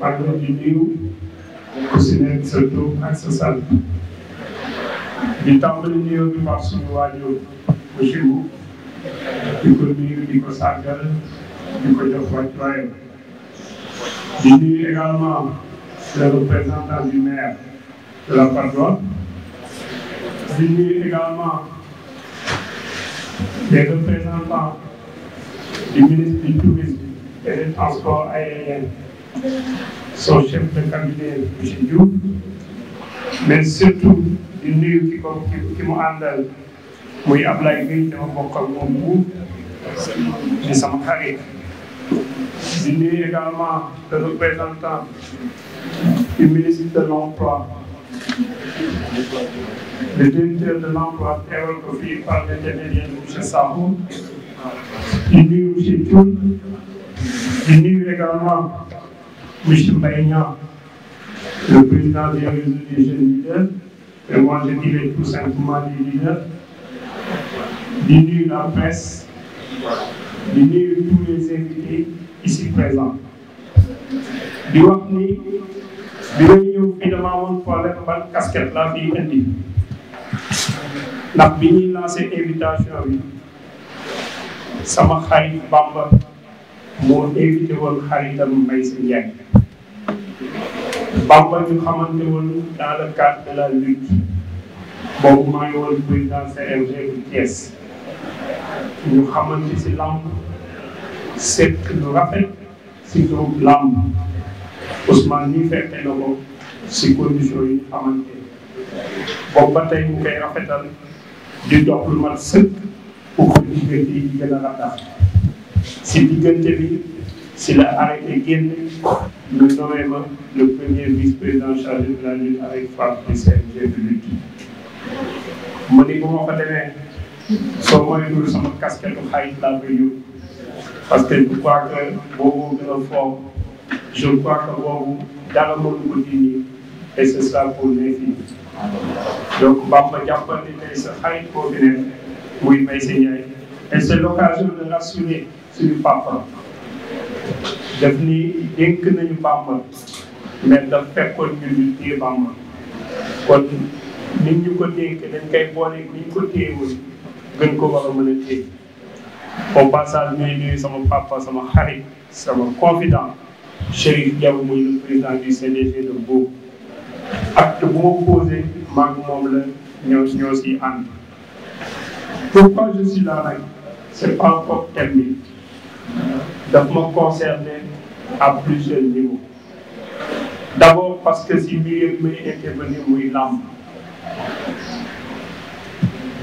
maa ngi leen di nuyu ku si nekk sa tur ak sa sant di tàmbali nuyoo bi wax suñu waajur monsieur Mbow di ko nuyu di ko sàggal di ko jox wàccuwaayam di nuyu également le représentant du maire de la Padoa di nuyu également les représentants du ministre du tourisme et des transports aériens soo chef de cabinet monsieur Diouf mais surtout di ki ko ki mu àndal muy Ablaye Gueye bokk ak moom buur di sama xarit di également le représentant du de l'emploi le directeur de l'emploi teewal ko fii par l'intermédiaire de monsieur Sakho di nuyu monsieur Diouf di nuyu également monsieur Mbaye Niang le président du réseau des jeunes leaders et moi je dirais tout simplement des leaders di nuyu la presse di nuyu tous les invités ici présents di wax ni bi may ñëw fii damaa woon problème ban casquette laa fi indi ndax bi ñuy lancé invitation bi sama xarit Bamba moo invité woon xaritam Mbaye Sy Ndiaye Bamba ñu xamante woon dans le cadre de la lutte boobu maa ngi woon président bu Thiès ñu xamante si làmb seet lu rafet si groupe làmb Ousmane ñi fekke na ko si condition yi ñu xamante boobu ba tey mu koy rafetal di dox lu mat sëkk pour que diggante yi gën a ratax si diggante bi si la arrêté génne nous nommé le premier vice-président chargé de la lutte avec force du CNG de lutte. ma ni bu ma fa demee soo moytuwul sama casquette xarit laa koy yóbbu parce que je crois que boobu gën a fort je crois que boobu dara mënu ko dindi et c'est ça pour l'infini. donc Bamba jàppal ni tey sa xarit boo fi nekk muy Mbaye Ndiaye et c'est l'occasion de rassurer suñu papa. daf ni dénk nañu Bàmba mais daf fekkoon ñu ñu téye Bàmba kon nit ko dénk dañ koy booleeg ni ñu ko téye woon gën ko war a mën a téye au passage ñuy nuyu sama papa sama xarit sama confident Chérif Diaw muy le président du CDG de Mbour acte bu ma posé maag moom la ñoo ñoo si ànd pourquoi je suis là nag c'est pas un problème bi ma concerné à plusieurs niveaux d'abord parce que si mbir mi intervenir muy làmb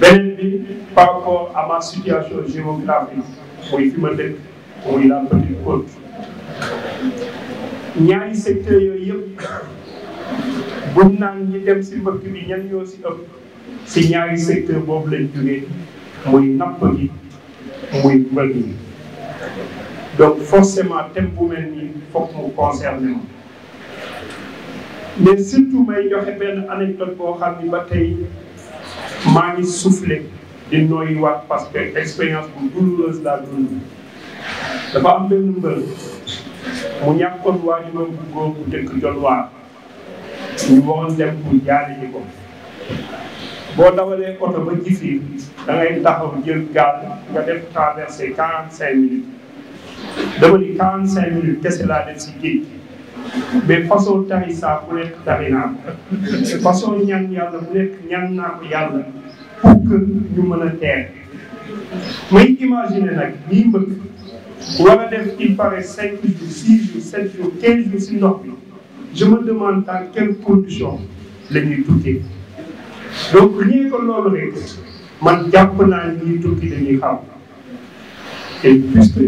beneen bi par rapport à ma situation géographique muy fi ma dëkk muy la Petite Côte ñaari secteurs yooyu yëpp buñ naan ñi dem si mbëkk bi ñan ñoo si ëpp si ñaari secteur boobu lañ jógee muy napp gi muy mbëkk gi donc forcément thème mel nii foog mu concerné ma mais surtout may joxe benn anecdote boo xam ni ba tey maa ngi soufflé di noyyiwaat parce que expérience bu douloureuse laa dund dafa am benn mbër mu ñàkkoon waajuram bu góor bu dëkk Jolwaar ñu waroon dem pour jaale ko boo dawalee oto ba jifiir da taxaw jël gaal nga def traversé quarante cinq minutes dama ni quarante cinq minutes kese laa def si géej gi façon tari saa bu nekk naa façon ñaan yàlla bu nekk ñaan naa ko yàlla pour que ñu mën a teer may imaginer nag ñiy mbëkk war a def il paraît cinq jours six jours sept quinze jours si ndox bi je me demande dans quelle condition la ñuy donc rien que loolu rek man jàpp naa ñuy tukki dañuy xam et puisque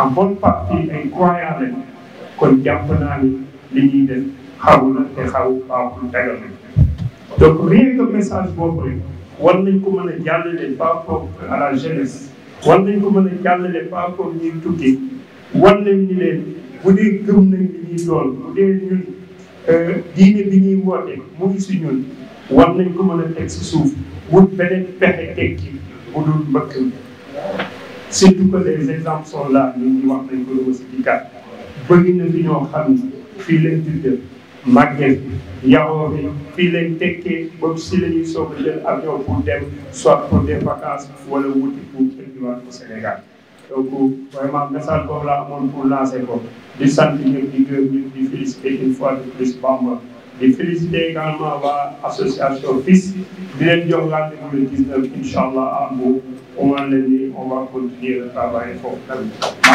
en bonne partie ay croyants lañ kon jàpp naa ni li ñuy def xaw na te xaw baaxul tegal nañ donc rien que message boobu rek war nañ ko mën a jàllale par rapport à la jeunesse war nañ ko mën a jàllale par rapport ñuy tukki war nañ ni leen bu dee gëm nañ li ñuy doon bu dee ñun euh, diine bi ñuy woote mu ngi si ñun war nañ ko mën a teg suuf wut beneen pexe tekki bu dul mbëkk mi surtout que les exemples sont là ñun ñu wax nañ ko aussi ci kat bëgg na ñoo xam ne fii lañ tuddee màggee yaroo bi fii lañ tekkee ba si la ñuy soog a jël avion pour dem soit pour des vacances wala wuti pour indiwaat au Sénégal. donc vraiment message boobu laa amoon pour lancer ko di sant ñëpp di gërëm ñëpp di féliciter une fois de Bamba di féliciter également waa association FILS di leen jox rendez-vous le 19 incha allah à Mbour. au moins la nii on va continuer le travail foofu tamit.